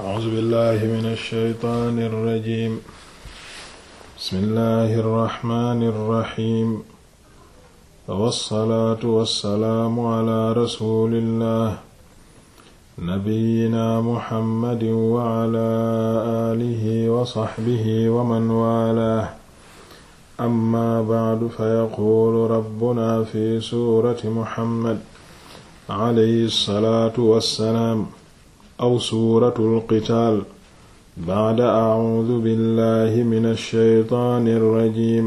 أعوذ بالله من الشيطان الرجيم بسم الله الرحمن الرحيم والصلاة والسلام على رسول الله نبينا محمد وعلى آله وصحبه ومن والاه أما بعد فيقول ربنا في سورة محمد عليه الصلاة والسلام aw suuratul qitaal bacda acuudu billahi min alsheytaani alrajim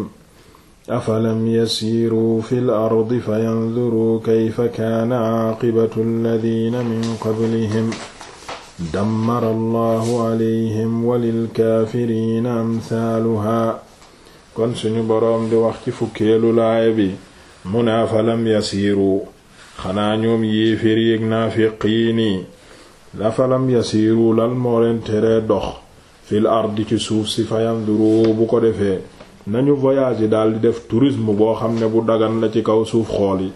afalam yasiiruu fi l ardi fayanduruu kayfa kaana caaqibatu alladina min qablihim dammara allahu calayhim walilkaafiriina amthaaluhaa kon suñu boroom di wax ci fukkeelu laaya bi mu ne afalam yasiiruu xanaa ñoom yéefér yéeg naafiqiini afalam yasiiru lan moo leen teree dox fil ardi ci suuf si fayanduru bu ko defee nañu voyage yi daldi def tourisme boo xam ne bu dagan la ci kaw suuf xool yi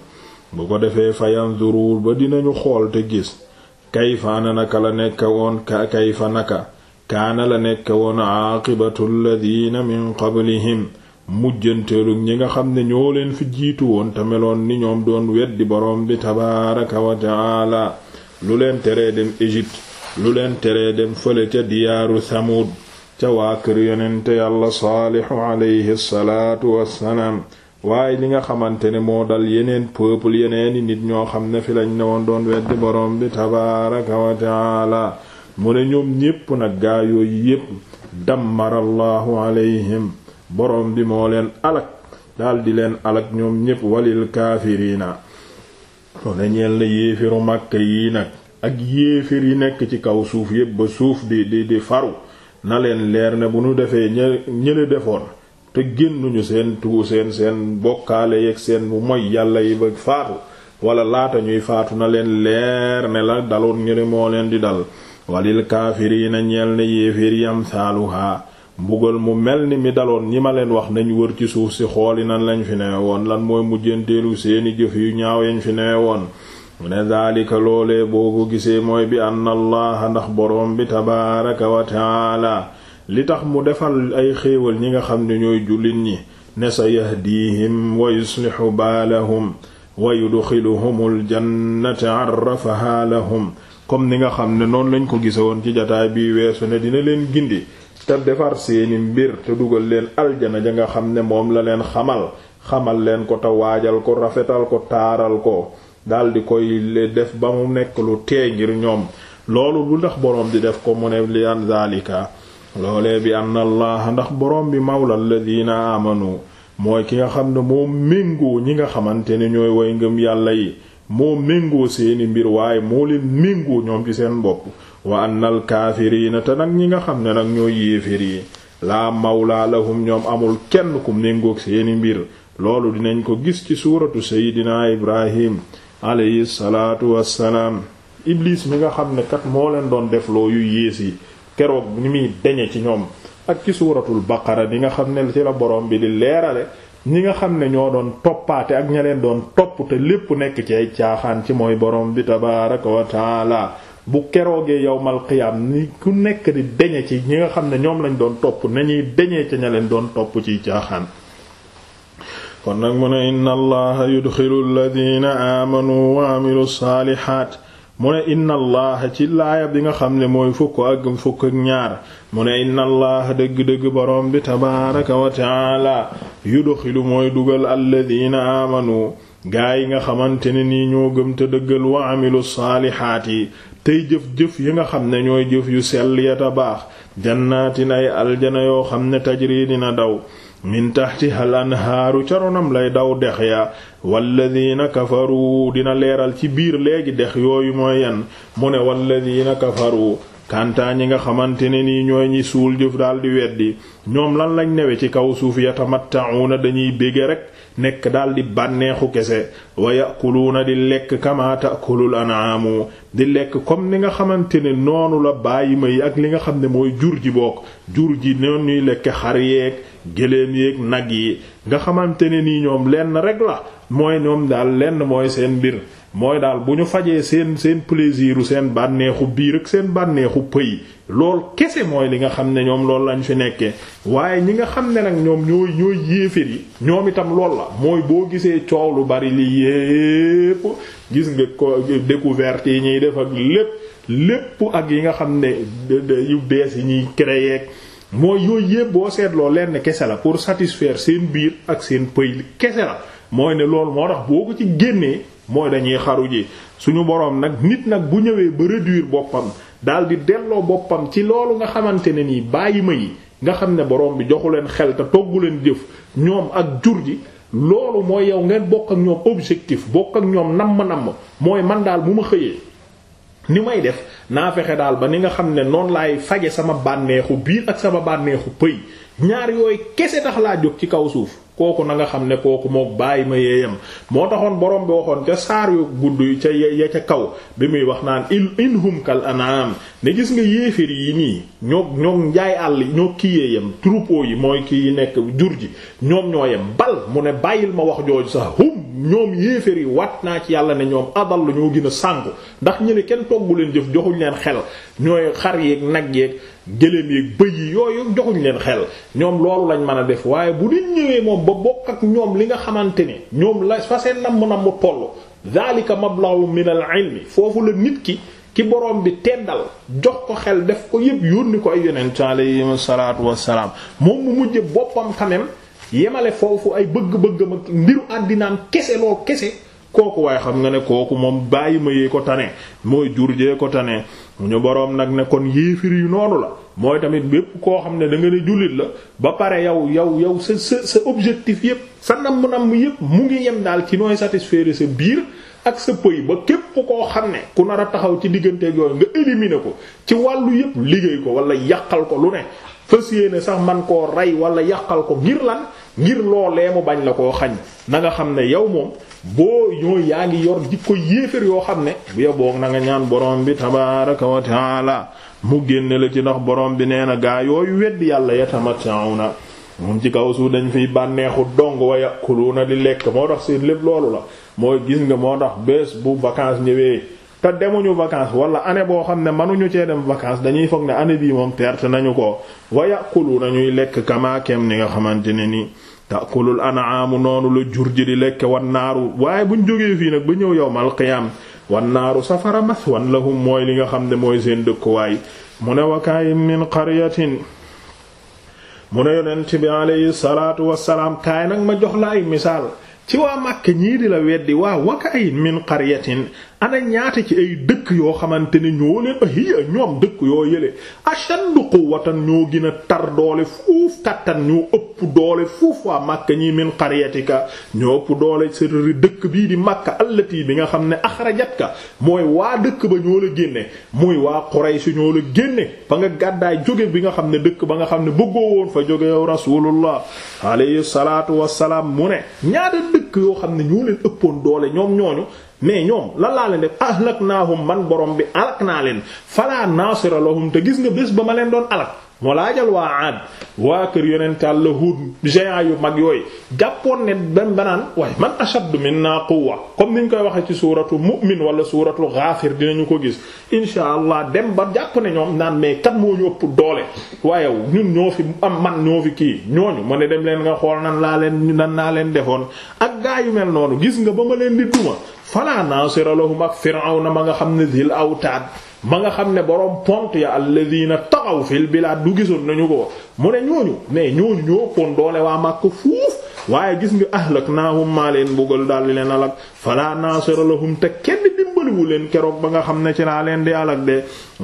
bu ko defee fayanduru ba dinañu xool te gis kayfa naka la nekk woon kayfa naka kaana la nekk woon aaqibatu alladina min qablihim mujjanteelu ñi nga xam ne ñoo leen fi jiitu woon te meloon ni ñoom doon weddi boroom bi tabaaraka wa taala lu leen tere dem Égypte lu leen tere dem fële ca diyaaru Samud ca waa kër yonente yàlla saalihu alayhi salaatu wassalaam waaye li nga xamante ne moo dal yeneen yeneen yeneeni nit ñoo xam ne fi lañ newoon doon weddi borom bi tabaaraka wa taala mu ne ñoom ñépp nag gaa yooyu yépp dammarallahu alayhim borom bi moo leen alak daldi leen alak ñoom ñépp walil kaafiriina mu ne ñeel na yéefiru màkk yi nag ak yéefir yi nekk ci kaw suuf yépp ba suuf di di di faru na leen leer ne bu ñu defee ñële defoon te génnuñu seen tuu seen seen bokkaale yeek seen bu moy yàlla yi ba faatu wala laata ñuy faatu na leen leer ne la daloon ñële moo leen di dal walil kaafiriina ñeel na yéefir yam saaluhaa mbugal mu mel ni mi daloon ñi ma leen wax nañ wër ci suuf si xooli nan lañ fi newe woon lan mooy mujjanteelu seeni jëf yu ñaaw yañ fi newe woon mu ne daalika loolee boo ko gisee mooy bi anna allaha ndax boroom bi tabaaraka wa taala li tax mu defal ay xéewal ñi nga xam ne ñooy jullit ñi ne sa yahdiihim wa yuslihu baalahum wa yudxiluhumul jannata arrafahaa lahum comme ni nga xam ne noonu lañ ko gisewoon ci jataay bi weesu ne dina leen gindi ca defar seeni mbir te dugal leen aljana ja nga xam ne moom la leen xamal xamal leen ko te waajal ko rafetal ko taaral ko daldi koy def ba mu nekk lu tee ngir ñoom loolu lu ndax boroom di def ko mu ne li an zalika loolee bi anna allah ndax boroom bi mawla alladina amanu mooy ki nga xam ne moo méngoo ñi nga xamante ne ñooy way ngëm yàlla yi moo méngoo seeni mbir waaye moo leen méngoo ñoom ci seen bopp wa annal kaafiriina te nag ñi nga xam ne nag ñooy yéefér yi laa mawlaa lahum ñoom amul kenn ku méngoog seeni mbir loolu dinañ ko gis ci suuratu seydinaa ibrahim alayhi salaatu wassalaam iblis mi nga xam ne kat moo leen doon def loo yu yées yi keroog ni muy deñe ci ñoom ak ci suuratul baqara di nga xam ne ci la borom bi di leerale ñi nga xam ne ñoo doon toppaate ak ña leen doon topp te lépp nekk ci ay caaxaan ci mooy boroom bi tabaaraka wa taala bu keroogee yowmal qiyaam ni ku nekk di deñe ci ñi nga xam ne ñoom lañ doon topp nañuy deñee ca ña leen doon topp ciy caaxaan kon nag mu ne inna allaha yudxilu alladina aamanu wa amilu saalihaat mu ne inna allaha ci laaya bi nga xam ne mooy fukk ak fukk ak ñaar mu ne inna allaha dëgg borom boroom bi tabaaraka wa taala yudxilu mooy dugal alladina aamanu gaa yi nga xamante ne nii ñoo gëm te dëggal wa amilu saalihaat yi tey jëf-jëf yi nga xam ne ñooy jëf yu sell ya ta baax jannaatin ay aljana yoo xam ne tajri dina daw min tahtiha al anhaaru ca ronam lay daw dex ya walladina kafaru dina leeral ci biir léegi dex yooyu mooy yan mu ne walladina kafaru kantaa ñi nga xamante ne nii ñooy ñi suul jëf daal di weddi ñoom lan lañ newee ci kaw suuf yatamatta'una dañuy bége rek nekk daal di bànneexu kese wa yakuluuna di lekk kama ta'kulul an'aamu di lekk comme ni nga xamante ne noonu la bàyyi ma yi ak li nga xam ne mooy jur ji bokk jur ji noonu ñuy lekk xar yeeg géléem yeeg nag yi nga xamante ne nii ñoom lenn rek la mooy ñoom daal lenn mooy seen mbir mooy daal bu ñu fajee seen seen plaisiru seen bànneexu biir ak seen bànneexu pëy lool kese mooy li nga xam ne ñoom loolu lañ fi nekkee waaye ñi nga xam ne nag ñoom ñooy ñooy yéefér yi ñoom itam lool mooy boo gisee coow lu bari li gis nga ko découverte yi ñuy def ak lépp lépp ak yi nga xam ne yu bees yi ñuy créer mooy yooyu yépp boo seetloo lenn kese la pour satisfaire seen biir ak seen pëy kese la mooy ne loolu moo tax boo ko ci génnee mooy dañuy xaruji suñu boroom nag nit nag bu ñëwee ba réduire boppam daal di delloo boppam ci loolu nga xamante ne nii bàyyi ma yi nga xam ne boroom bi joxu leen xel te toggu leen jëf ñoom ak jur gi loolu mooy yow ngeen bokk ak ñoom objectif bokk ak ñoom namm-namm mooy man daal bu ma xëyee ni may def naa fexe daal ba ni nga xam ne noonu laay faje sama bànneexu biir ak sama bànneexu pëy ñaar yooyu kese tax laa jóg ci kaw suuf kooku na nga xam ne kooku moo bàyyi ma yeeyam moo taxoon borom bi waxoon ca saar yu gudd yu ca ya ca kaw bi muy wax naan in inhum kal anam ne gis nga yéefér yi nii ñoo ñoo njaay àll ñoo ki yeeyam troupeau yi mooy kii nekk jur ji ñoom ñoo yem bal mu ne bàyyil ma wax jooju sax hum ñoom yéeféer yi wat naa ci yàlla ne ñoom adal la ñoo gën a ndax ñu ne kenn toggu leen jëf joxuñ leen xel ñooy xar yeeg nag yeeg gëléem yeeg bëy yooyu joxuñ leen xel ñoom loolu lañ mën a def waaye bu nit ñëwee moom ba bokk ak ñoom li nga xamante ni ñoom la fa seen namm na mu toll dhalika mablahu min al ilmi foofu la nit ki ki boroom bi teddal jox ko xel def ko yépp yónni ko ay yonent alayhi salaatu wassalaam moom mu mujje boppam quand yemale foofu ay bëgg-bëggam ak mbiru àddinaam kese lool kese kooku waaye xam nga ne kooku moom bàyyi ma yee ko tane mooy jur jee ko tane ñu boroom nag ne kon yéefir yu noonu la mooy tamit bépp koo xam ne da nga ne jullit la ba pare yow yow yow sa sa sa objectif yépp sa namm namm yépp mu ngi yem daal ci nooy satisfaire sa biir ak sa pëy ba képp koo xam ne ku nar a taxaw ci diggante yooyu nga éliminer ko ci wàllu yépp liggéey ko wala yàqal ko lu ne fas yéene sax man koo rey wala yàqal ko ngir ngir loolee mu bañ la koo xañ nanga xam ne yow moom boo ñooy yaa ngi yor jikko yéefér yoo xam ne bu yoboo na nga ñaan borom bi tabaraka wa taala mu génne la ci ndax borom bi nee na gaa yooyu weddi yàlla na moom ci kaw suuf dañ fiy bànneexu dong wa na di lekk moo tax seen lépp loolu la mooy gis nga moo tax bés bu vacances ñëwee te demuñu vacances wala année boo xam ne mënuñu cee dem vacances dañuy foog ne année bii moom perte nañu ko lekk kama ni nga xamante ne nii takulul an'aamu noonu lu jur ji di lekke wan naaru waaye bu jógee fii nag ba ñëw yawmal qiyaam wan naaru safara mathwan lahum mooy li nga xam ne mooy seen dëkkuwaay mu ne wa kaayim min qaryatin mu ne yonent bi alayhi salaatu wassalaam kaay nag ma jox la ay misaal ci waa Makka ñii di la weddi waa wa kaayim min qaryatin ana ñaata ci ay dëkk yoo xamante ne ñoo leen ah, hiya ñoom dëkk yoo yële ashaddu quwwatan ñoo gën a tar doole fuuf kattan ñoo ëpp doole fuuf waa màkk ñi min qaryatika ñoo ëpp doole sa dëkk bii di Makka allati bi nga xam ne ka mooy waa dëkk ba ñoo la génne muy waa Quraysh ñoo la génne ba nga gàddaay jóge bi nga xam ne dëkk ba nga xam ne bëggoo woon fa jóge yow Rasulullah alayhi salaatu wassalaam mu ne ñaata dëkk yoo xam ne ñoo leen doole ñoom ñooñu mais ñoom lan laa leen def ahlaknaahum man borom bi alak naa leen falaa naasira lahum te gis nga bés ba ma leen doon alak moo jal waa Aad waa kër yonent Yàlla Huud géant yu mag yooyu jàppoon ne ban naan waaye man ashaddu minna quwwa comme ni ñu koy waxee ci suuratu mu'min wala suuratu Ghaafir ñu ko gis insha allah dem ba jàpp ne ñoom naan mais kat moo ñu ëpp doole waaye ñun ñoo fi am man ñoo fi kii ñooñu ma ne dem leen nga xool nan laa leen nan naa leen defoon ak gaa yu mel noonu gis nga ba ma leen di duma falaa naasira lahum ak Firawna ma nga xam ne dil awtaad ma nga xam ne boroom pont ya alladina taxaw fil bilaad du gisoon nañu ko mu ne ñooñu mais ñooñu ñoo doole waa Makka fuuf waaye gis nga ahlaknaahum maa leen buggal daal di leen alak fala nasira lahum te kenn dimbaliwu leen keroog ba nga xam ne ci laa leen di alak de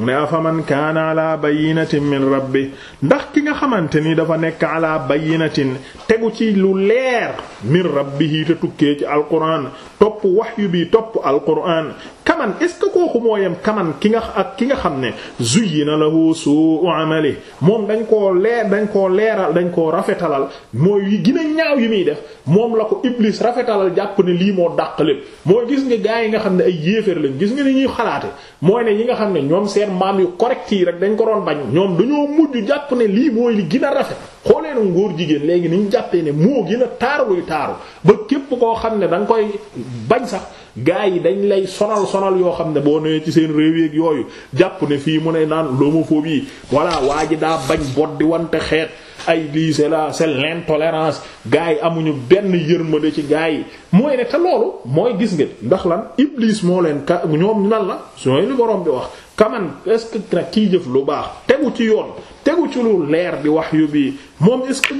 ne afaman kaana ala bayyinatin min rabbi ndax ki nga xamante ni dafa nekk ala bayyinatin tegu ci lu leer min rabbihi te tukkee ci alquran topp wahyu bi topp alquran kaman est-ce que kooku moo yem kaman ki nga ak ki nga xam ne zuyyina lahu su'u amali moom dañ koo leer dañ koo leeral dañ koo rafetalal mooy yi gën ñaaw yi muy def moom la ko iblis rafetalal jàpp ne lii moo dàq lépp mooy gis nga gaa yi nga xam ne ay yéeféer lañ gis nga ni ñuy xalaate mooy ne ñi nga xam ne ñoom seen maam yu correct yi rek dañ ko doon bañ ñoom dañoo mujj jàpp ne lii mooy li gën rafet xooleenu ngóor jigéen léegi ni ñu jàppee ne moo gën a taaru luy ba képp koo xam ne da koy bañ sax gaa yi dañ lay sonal sonal yoo xam ne boo newee ci seen réew yeeg yooyu jàpp ne fii mu ne naan yi voilà waa ji daa bañ bot di wante xeet ay lii c'est là c'est l'intolérance gars yi amuñu benn yërmande ci gars yi mooy ne te loolu mooy gis nga ndax lan iblis moo leen ka ñoom lan la sooy li borom bi wax kaman est-ce que nag jëf lu baax tegu ci yoon tegu ci leer di wax yu moom est-ce que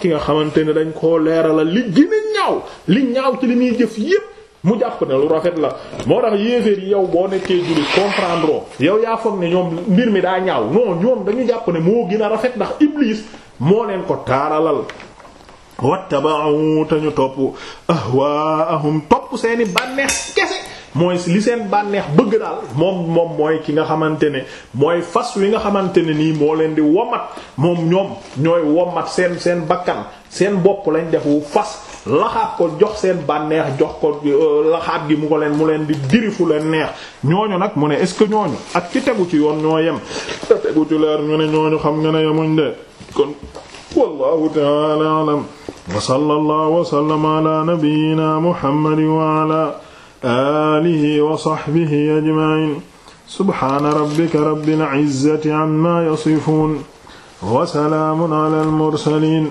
ki nga xamante ne dañ koo leeralal li gën a ñaaw li ñaaw ci li muy jëf yépp mu jàpp ne lu rafet la moo tax yéeféer yi yow boo nekkee jullit comprendre yow yaa foog ne ñoom mbir mi daa ñaaw non ñoom dañu jàpp ne moo gën a rafet ndax iblis moo leen ko taaralal wattaba'u te ñu topp ahwaahum topp seeni bànneex kese mooy li seen bànneex bëgg daal moom moom mooy ki nga xamante ne mooy fas wi nga xamante ne nii moo leen di womat moom ñoom ñooy womat seen seen bakkan seen bopp lañ def wu fas laxaab ko jox seen bànneex jox ko euh, laxaab gi mu ko leen mu leen di dirifu leen neex ñooñu nag mu ne est-ce que ñooñu ak ci tegu ci yoon ñoo yem te tegu ci leer ñu ne ñooñu xam nga ne yemuñ de kon wallahu ta'ala alam wa sallallahu wa sallama ala nabiyyina muhammadin wa ala alihi wa sahbihi ajma'in subhana rabbika rabbil izzati amma yasifun wa salaamun ala al mursalin